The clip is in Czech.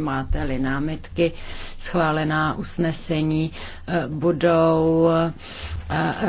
máte li námitky, schválená usnesení eh, budou eh,